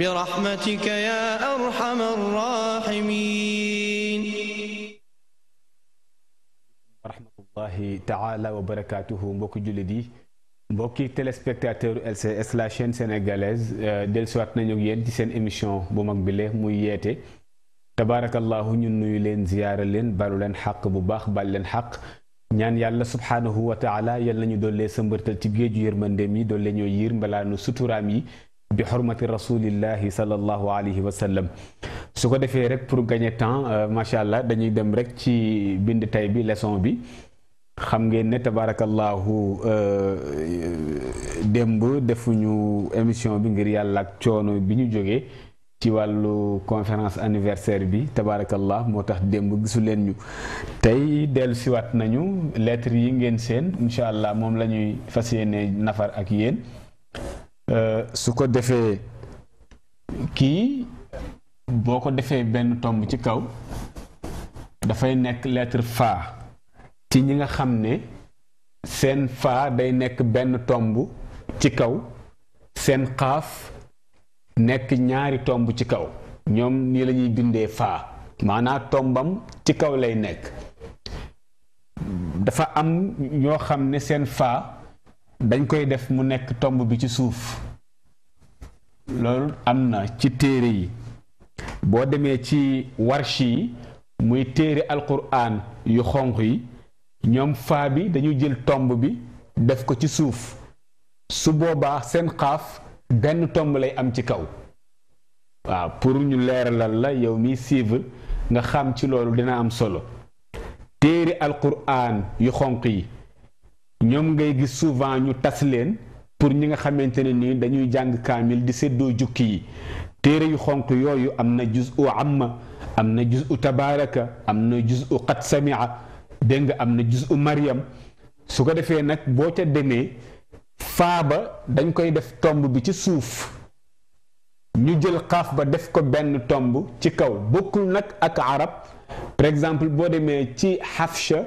برحمتك يا أرحم الراحمين ورحمة الله تعالى وبركاته mbokki jullit yi mbokki téléspectateur LCS la chaîne sénégalaise euh, dellusiwaat nañu ak yéen ci seen émission bu mag bile muy yeete tabaarakallahu ñun nuyu leen ziyaara leen balu leen xaq bu baax bal leen xaq ñaan yàlla subhaanahu wa taala yal nañu dollee sa mbërtal ci géeju yërmandeem yi dollee ñoo yiir mbalaanu suturaam yi bi xormati rasulillahi sallallahu alayhi wa sallam su ko defee rek pour gagner temps euh, macha allah dañuy dem rek ci bind tay bi leçon bi xam ngeen ne tabarakallahu euh, démb defuñu émission bi ngir yàlla ak coono bi ñu jógee ci wàllu conférence anniversaire bi tabarakallah moo tax démb gisu leen ñu tey dellu siwaat nañu lettres yi ngeen seen incha allah moom la ñuy fas yéene nafar ak yéen Euh, su ko defee kii boo ko defee benn tomb ci kaw dafay nekk lettre fa ci ñi nga xam ne seen fa day nekk benn tomb ci kaw seen xaaf nekk ñaari tomb ci kaw ñoom nii lañuy ñuy bindee fa maanaam tombam ci kaw lay nekk dafa am ñoo xam ne seen fa dañ koy def mu nekk tomb bi ci suuf loolu am na ci téere yi boo demee ci warshi yi muy téere alquran yu xonq yi ñoom faa bi dañu jël tomb bi def ko ci suuf su boobaa seen xaaf benn tomb lay am ci kaw waaw pour ñu leeralal la yow mi suivre nga xam ci loolu dina am solo téere alquran yu xonq yi ñoom ngay gis souvent ñu tas leen pour ñi nga xamante ne nii dañuy jàng kaamil di séddoo jukki yi téere yu xonq yooyu am na juz u amma am na juz u tabaraka am na jus u qad samia dégg nga am na jus u mariam su ko defee nag boo ca demee faaba dañ koy def tomb bi ci suuf ñu jël xaaf ba def ko benn tomb ci kaw bokkul nag ak arab par exemple boo demee ci xafsha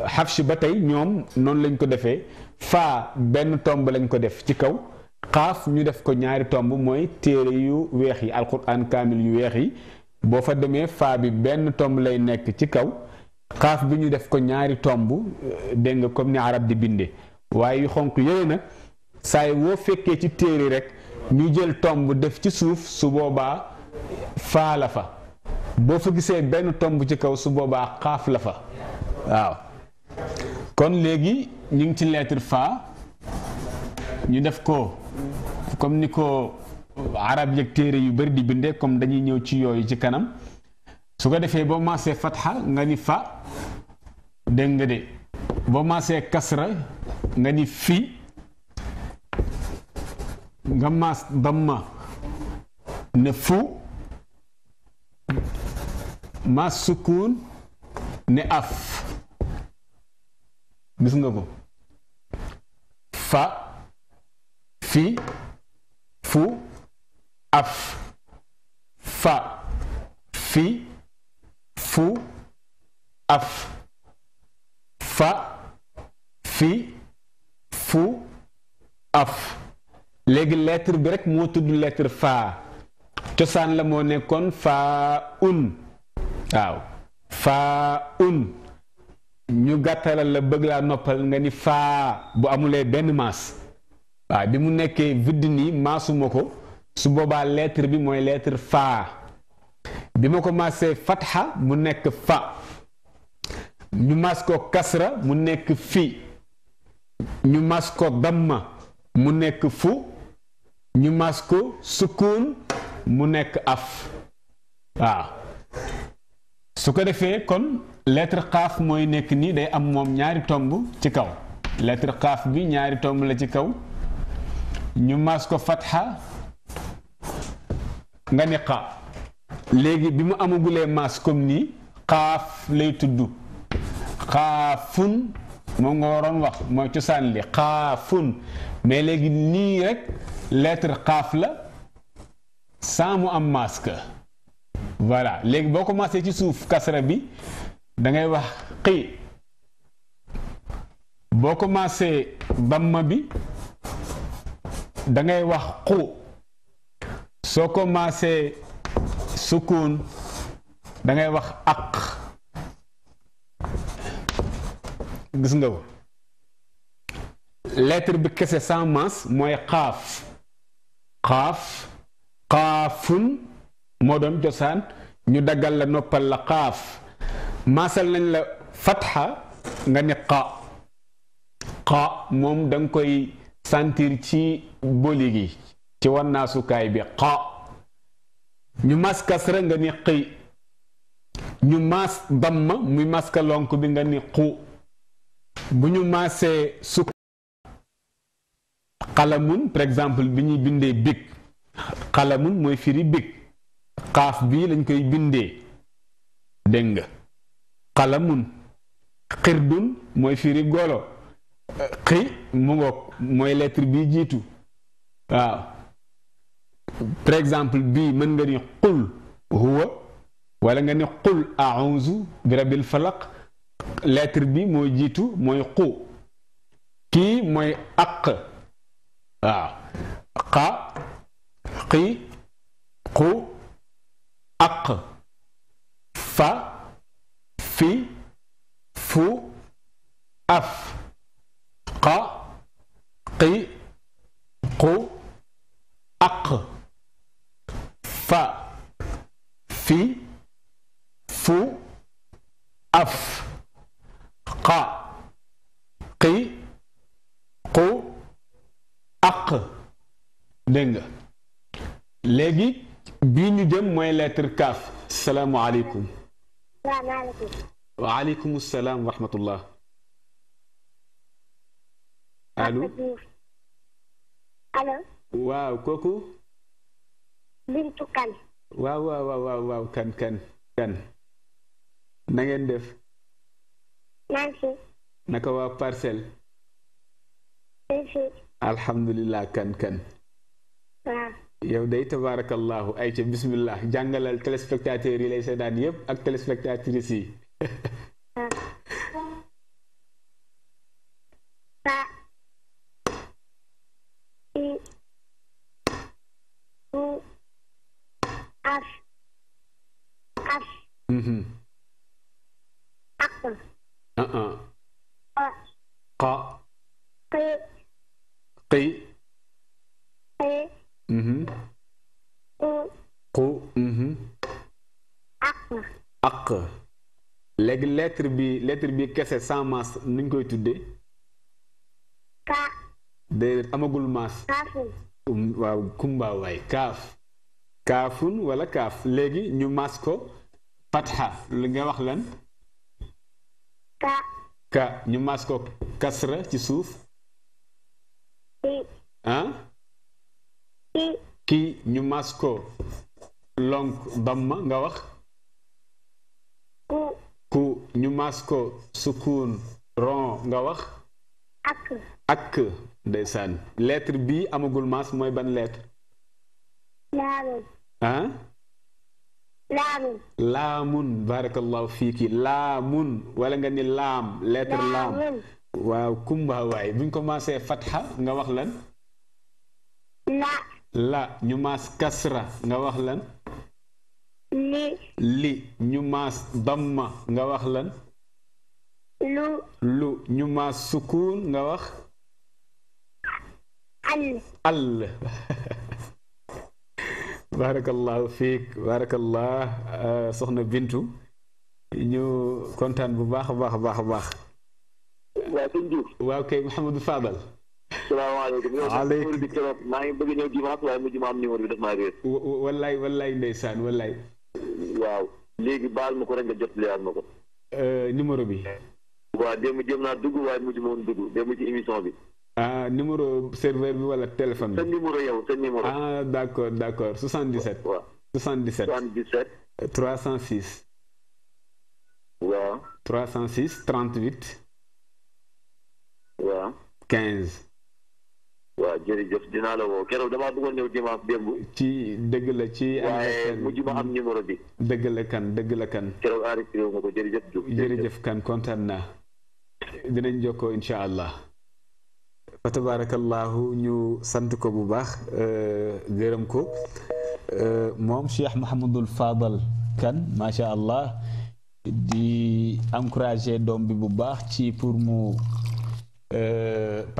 xafsh ba tey ñoom noonu lañ ko defee faa benn tomb lañ ko def ci kaw xaaf ñu def ko ñaari tomb mooy téere yu weex yi alquran kaamil yu weex yi boo fa demee faa bi benn tomb lay nekk ci kaw xaaf bi ñu def ko ñaari tomb euh, dégg nga comme ni arab di bindee waaye yu xonq yooyu nag saay boo fekkee ci téere rek ñu jël tomb def ci suuf su boobaa faa la fa boo fa gisee benn tomb ci kaw su boobaa xaaf la fa waaw kon léegi ñu ngi ci lettre fa ñu def ko comme ni ko arab yëg téere yu bari di bindee comme dañuy ñëw ci yooyu ci kanam su ko defee boo maasee fatxa nga ni fa dégg nga de boo maasee kasra nga ni fi nga maas damma ne fu maas sukun ne af gis nga ko fa fi fu af fa fi fu af fa fi fu af léegi lettre bi rekk moo tudd lettre fa cosaan la moo nekkoon fa un waaw fa un ñu gàttalal la bëgg laa noppal nga ni faa bu amulee benn maas waa bi mu nekkee vidde nii maasuma ko su boobaa lettre bi mooy lettre faa bi ma ko maasee fatxa mu nekk fa ñu maas ko kasra mu nekk fi ñu maas ko damma mu nekk fu ñu maas ko sukkuun mu nekk af waaw su ko defee kon lettre xaaf mooy nekk nii day am moom ñaari tomb ci kaw lettre xaaf bi ñaari tomb la ci kaw ñu maas ko fatxa nga ni léegi bi mu amagulee maas comme nii xaaf lay tudd xaafun moom nga waroon wax mooy cosaan li xaafun mais léegi nii rek lettre xaaf la sans mu am masque voilà léegi boo commencé ci suuf kasra bi da ngay wax xi boo commencé damma bi da ngay wax xu soo commencé sukun da ngay wax aq gis nga ko lettre bi kese sans mas mooy xaaf xaaf xaafun moo doon cosaan ñu daggal la noppal la xaaf maasal nañ la fatxa nga ne xa xa moom danga koy sentir ci boli gi ci wannaasukaay bi xa ñu maas kasra nga ni xi ñu maas damma muy maska lonk bi nga ni xu bu ñu maasee sukk xalamun par exemple bi ñuy bindee big xalamun mooy firi big xaaf bii lañ koy bindee dégg nga xalamun xirdun mooy firi golo xi mu ngoog mooy lettre bii jiitu waaw par exemple bii mën nga ni qul huwa wala nga ni qul auzu bi rabbil falaq lettre bi mooy jiitu mooy qu kii mooy aq waaw xa xi qu aq fa fi fu af qa qi qu aq fa fi fu af qa qi qu aq dégg nga bii ñu jëm mooy lettre kaaf salaamualeykum. waaleykum. waaleykum salaam wa rahmatullah. allo. allo. waaw kooku. Bintu Kan. waaw waaw waaw waaw kan kan kan. na ngeen def. merci. naka waa parcelle. merci. alhamdulilah kan kan. yow day tabarakallah ay ci bismillah jàngalal téléspectateurs yi lay sédane yépp ak téléspectatrices yi قي قي lettre bi lettre bi kese sans masse nuñ koy tuddee. kaa. amagul masse. kaafun. Um, waaw kumba kaaf. kaafun wala kaaf léegi ñu maas ko fatxa li nga wax lan. ka. ka ñu maas ko kasra ci suuf. ki. ñu maas ko lonk damma nga wax. ñu masko sukun ron nga wax ak ak desane lettre bi amagul mas moy ban lettre Lamun. ah Lamun. lamun barakallahu fiki laamun wala nga ni lam lettre lam waaw kumba way buñ masé fatha nga wax lan la la ñu mas kasra nga wax lan li ñu maas damma nga wax lan lu ñu maas sukuun nga wax al al barakallahu fiik barakallah euh, soxna bintu ñu kontaan bu baax a baax a baax a baax waaw sëñ Diouf waaw kay Mouhamadou Fadal salaamaaleykum aleykum maa ngi bëgg ñëw dimanche waaye mujj ma am numéro bi wallaay wallaay ndeysaan wallaay waaw léegi baal ma ko rek nga jot ma ko. Euh, numéro bi. waaw démb jëm naa dugg waaye mujj ma woon dugg démb ci émission bi. ah numéro serveur bi wala téléphone bi. sa numéro yow sa numéro. ah d' accord d' accord 77. waaw 77. 77. 306. waaw. 306 38. waaw. 15. jërëjëf dinaa la woo keroog dëgg la ci. waaye mujj bi. dëgg la kan dëgg la kan. keroog enregistré wu ma ko jërëjëf Diouf. jokkoo incha allah. fa tabarakallahu ñu sant ko bu baax euh, gërëm ko euh, moom Cheikh Mouhamadul Fadal kan macha allah di encouragé doom bi bu baax ci pour mu.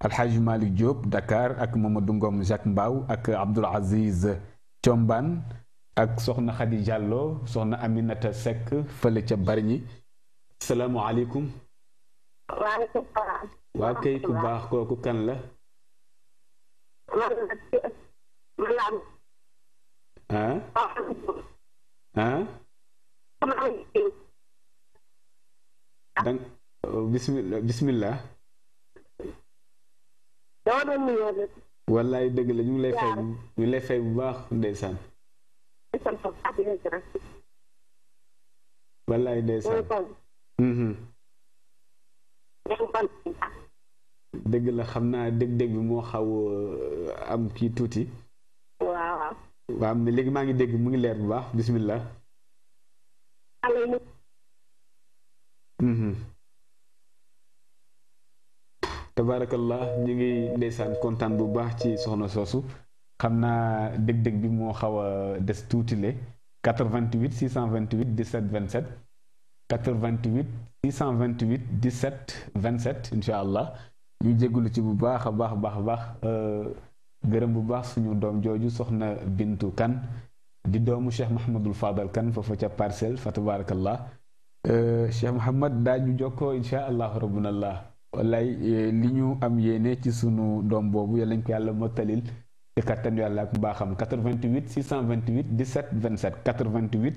Alxaaji Malick Diop Dakar ak Mamadou Ngom Jacques Mbaw ak Abdoul Aziz Thiombane ak soxna Khady Diallo soxna Aminata Seck fële ca Bargny salaamualeykum. waaleykum waa kay ku baax kooku kan la. ah. bismillah. wallaay dëgg la ñu ngi lay fay bu baax ndeysaan. wallaay ndeysaan. Mm-hmm. dëgg la xam naa dëgg-dëgg bi moo xaw euh, am kii tuuti. waaw. waaw mais léegi maa ngi dégg mu ngi leer bu baax bisimilah. tabaarakallah ñu ngi ndeysaan kontaan bu baax ci soxna soosu xam naa dëg-dëg bi moo xaw a des tuutile 88 628 17 27 88 628 17 27 incha allah ñu jégalu ci bu baax a baax baax baax euh, gërëm bu baax suñu doom jooju soxna Bintu Kan di doomu Cheikh Mahamadul Fadal Kan foofu ca parcelle fa tabaarakallah euh, Cheikh Mouhamad daañu jokkoo incha allah rabbunallah wallaay eh, li ñu am yéene ci sunu doom boobu yal nañ ko yàlla mottalil ci kattan yàlla ak mbaaxam 88 628 17 27 88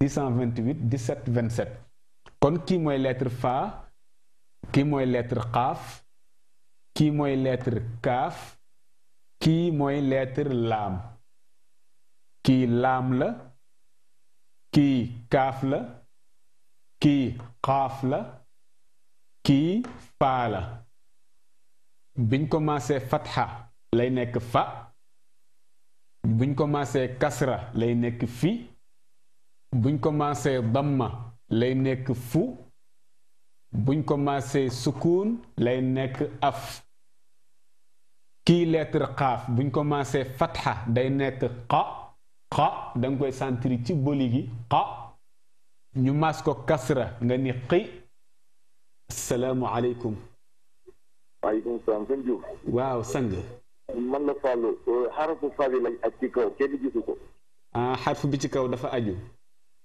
628 17 27 kon kii mooy lettre fa kii mooy lettre xaaf kii mooy lettre kaaf kii mooy lettre laam kii laam la kii kaaf la kii xaaf la kii faa la buñ commencé fatxa lay nekk fa buñ commencé kasra lay nekk fi buñ commencé damma lay nekk fu buñ ko commencé sukuun lay nekk af kii lettre xaaf buñ ko commencé fatxa day nekk xa xa da koy sentir ci boli gi xa ñu mas ko kasra nga ni xi salaamaaleykum. waaleykum salaam sëñ Diouf. waaw sang. man la Fallou euh, xarafu fabi lañ aj ci kaw kenn gisu ko. ah bi ci kaw dafa aju.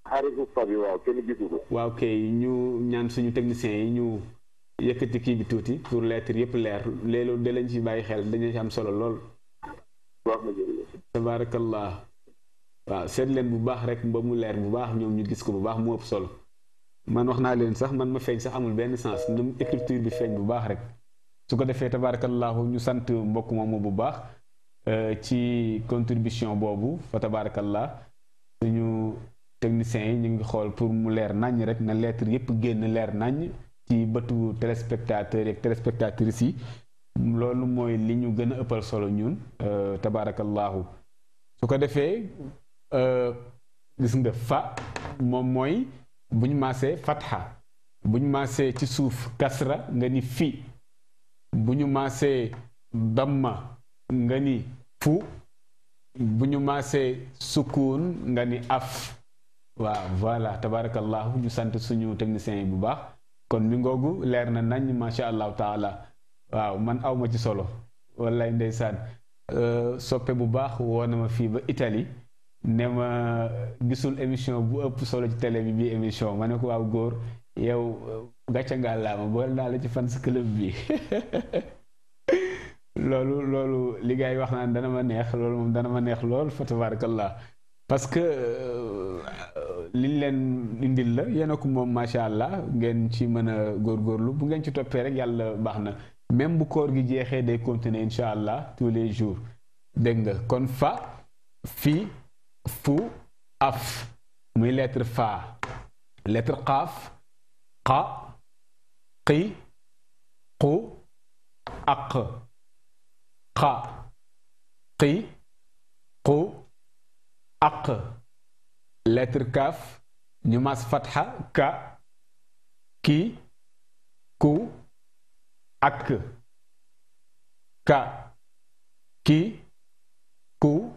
xarafu fabi waaw kenn gisu ko. waaw kay ñu ñaan suñu techniciens yi ñu yëkkati kii bi tuuti pour lettre yëpp leer léeg-léeg da lañ ci bàyyi xel dañu ci am solo lool. tabaarakallah waaw seet leen bu baax rek ba mu leer bu baax ñoom ñu gis ko bu baax mu ëpp solo. man wax naa leen sax man ma feeñ sax amul benn sens na écriture bi feeñ bu baax rek su ko defee tabaarakallaahu ñu sant mbokk moomu bu baax euh, ci contribution boobu fa tabaarakallah suñu techniciens yi ñu ngi xool pour mu leer naññ rek na lettre yépp génn leer naññ ci bëtu téléspectateurs yeeg téléspectatrices yi loolu mooy li ñu gën a ëppal solo ñun euh, tabaarakallaahu su ko defee euh, gis nga fa moom mooy bu buñ maasee fatha buñ maasee ci suuf kasra nga ni fi bu ñu maasee damma nga ni fu bu ñu maasee sukkuun nga ni af waaw voilà tabarakallahu ñu sant suñu technicien yi bu baax kon mi ngoogu leer na nañ macha allahu taala waaw man awma ci solo wallaay ndeysaan euh, soppe bu baax woona ma fii ba Italie ne ma gisul émission bu ëpp solo ci télé bi bii émission ma ne ko waaw góor yow euh, gàcce ngàllaama boole naa la ci fans club bi loolu loolu li gars yi wax naan dana ma neex loolu moom dana ma neex lool fa tabarakallah parce que euh, liñ leen indil la yéen a ko moom macha allah ngeen ci mën a góor góorgóorlu bu ngeen ci toppee rek yàlla baax na même bu koor gi jeexee day continuer incha allah tous les jours dégg nga kon fa fii fu af muy lettre fa lettre xaaf xa xi xu aq xa xi xu aq lettre kaaf ñu mas fatxa ka ki ku ak ki ku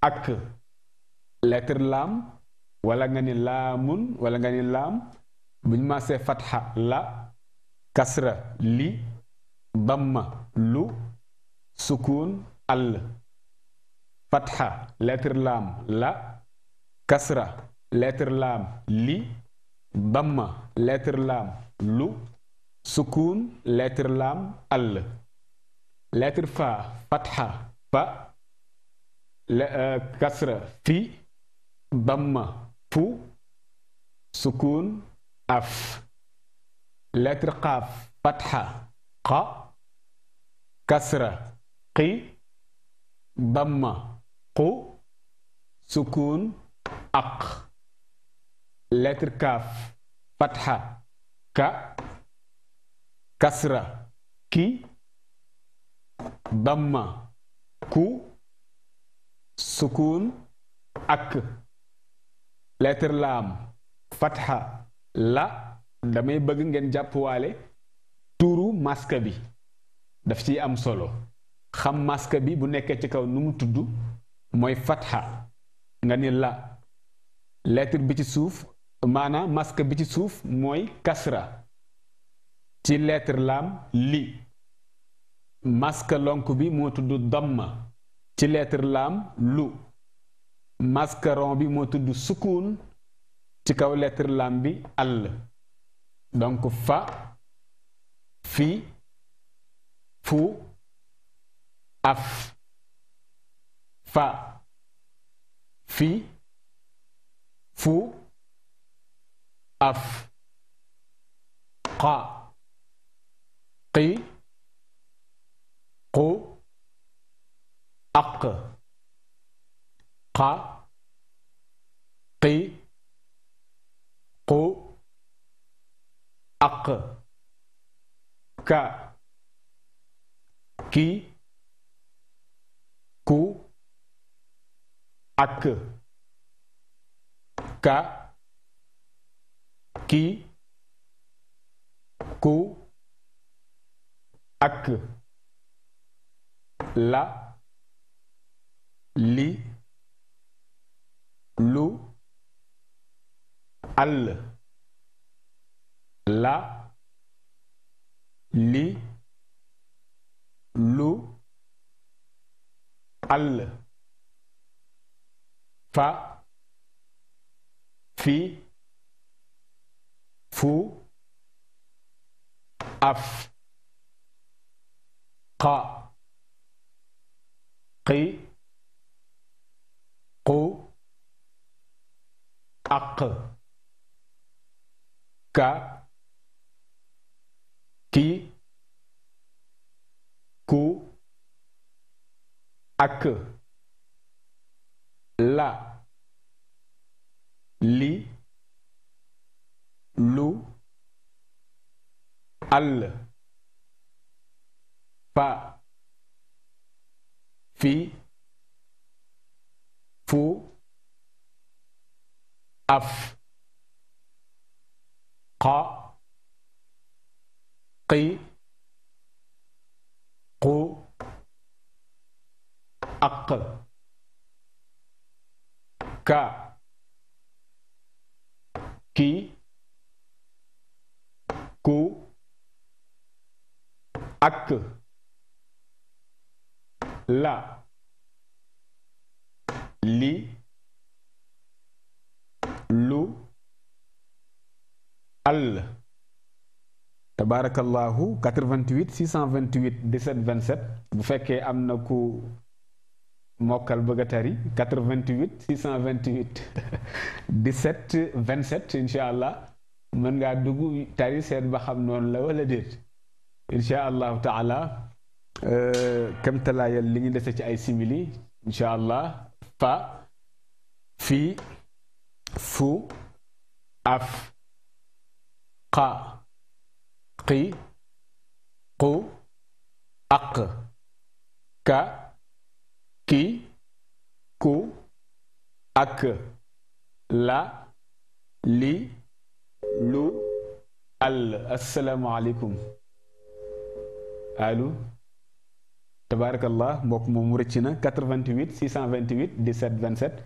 ak lettre laam wala nga ni laamun wala nga ni laam buñ maasee fatxa la kasra li damma lu sukun àll fatxa lettre laam la kasra lettre laam li damma lettre laam lu sukun lettre laam àll lettre fa fatxa fa آه، كسرة في ضمة فو سكون أف لتر قاف فتحة قا كسرة قي ضمة قو سكون أق لتر كاف فتحة ك كسرة كي ضمة كو sukun ak lettre laam fatxa la damay bëgg ngeen jàppwaale tuuru masque bi daf ciy am solo xam masque bi bu nekkee ci kaw nu mu tudd mooy fatxa nga ni la lettre bi ci suuf maanaam masque bi ci suuf mooy kasra ci lettre laam li masque lonk bi moo tudd damma ci lettre lam lu mascaron bi mo tudd soukoun ci kaw lettre bi donc fa fi fu af fa fi fu af qa qi qu àq xa xi xu àq ka ki ku ak ka ki ku ak la li lu àll la li lu àll fa fi fu af xa xi qu aq ka ki ku ak la li lu àll pa fi fu af xa qi qu aq ka ki ku ak la li lu àll tabaarakallaahu 88 628 17 27 bu fekkee am na ku mokkal bëgg a tari 88 628 17 27 incha allah mën ngaa dugg tari seet ba xam noonu la wala déet incha allahu taala euh, kamtalaayal li ñu dese ci ay simili incha allah فا في فو اف قا قي قو اق ك كي كو اك لا لي لو ال السلام عليكم الو tabaarakallah mbokk moom rëcc na 88 628 17 27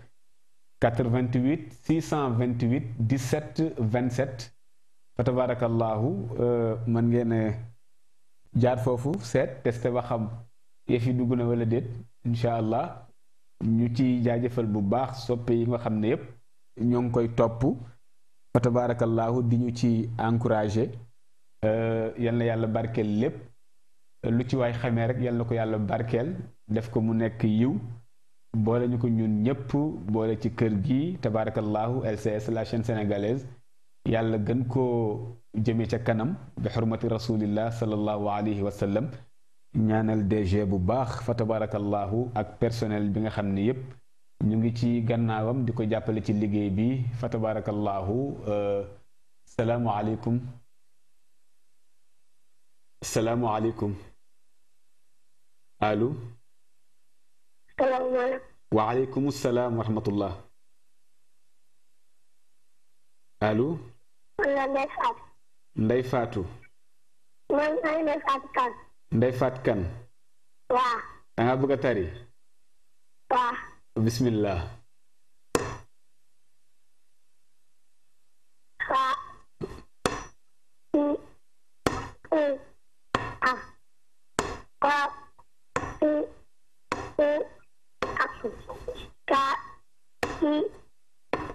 88 628 17 27 fa tabaarakallahu euh, mën ngeen jaar foofu seet testé ba xam yëf yi dugg na wala déet incha allah ñu ci jaajëfal bu baax soppe yi nga xam ne yépp ñoo ngi koy topp fa tabaarakallahu di ñu ci encouragé euh, yal na yàlla barkeel lépp lu ci waay xamee rek yal na ko yàlla barkeel def ko mu nekk yiw boole ñu ko ñun ñëpp boole ci kër gi tabarakallahu LCS la chaîne sénégalaise yàlla gën koo jëmee ca kanam bi xurmati rasulillah sallallahu alayhi wa sallam ñaanal DG bu baax fa tabarakallahu ak personnel bi nga xam ne yëpp ñu ngi ci gannaawam di ko jàppale ci liggéey bi fa tabarakallahu salaamualeykum salaamualeykum allo. salaamaaleykum. waaleykum salaam wa rahmatullah. allo. wala Ndeye Fatou. Ndeye kan man ay Ndeye Fatou Kane. Ndeye Fatou bismillah.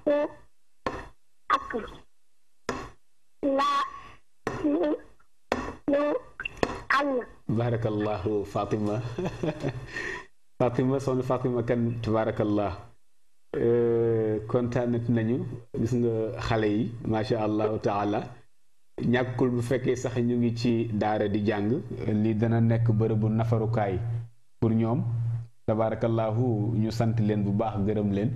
ak laa lu lu àll. barakallahu Fatima Fatima soxna Fatima kan tabarakallah euh, kontaanat nañu gis nga xale yi macha allahu taala ñàkkul bu fekkee sax ñu ngi ci daara di jàng lii dana nekk bërëbu nafarukaay pour ñoom tabarakallahu ñu sant leen bu baax gërëm leen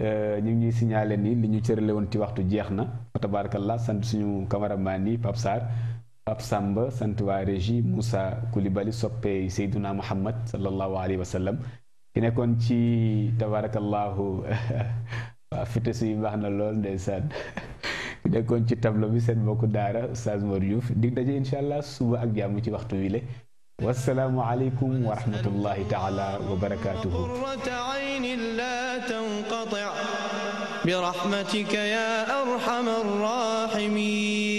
Euh, ñu ngi ñuy signaler ni li ñu cërale woon ci waxtu jeex na fa tabarakallah sant suñu cameraman yi Pape Sarr Samba sant waa régie Moussa Koulibaly soppee Seyduna Muhammad sallallahu alayhi wa sallam nekkoon ci tabarakallahu waa fites yi na lool ndeysaan ki nekkoon ci tableau bi seen mbokku daara Oustaz Mor Diouf dig daje insha allah suba ak jàmm ci waxtu wi le wasalaamu aleykum wa rahmatullahi taala wa barakatuhu تنقطع برحمتك يا أرحم الراحمين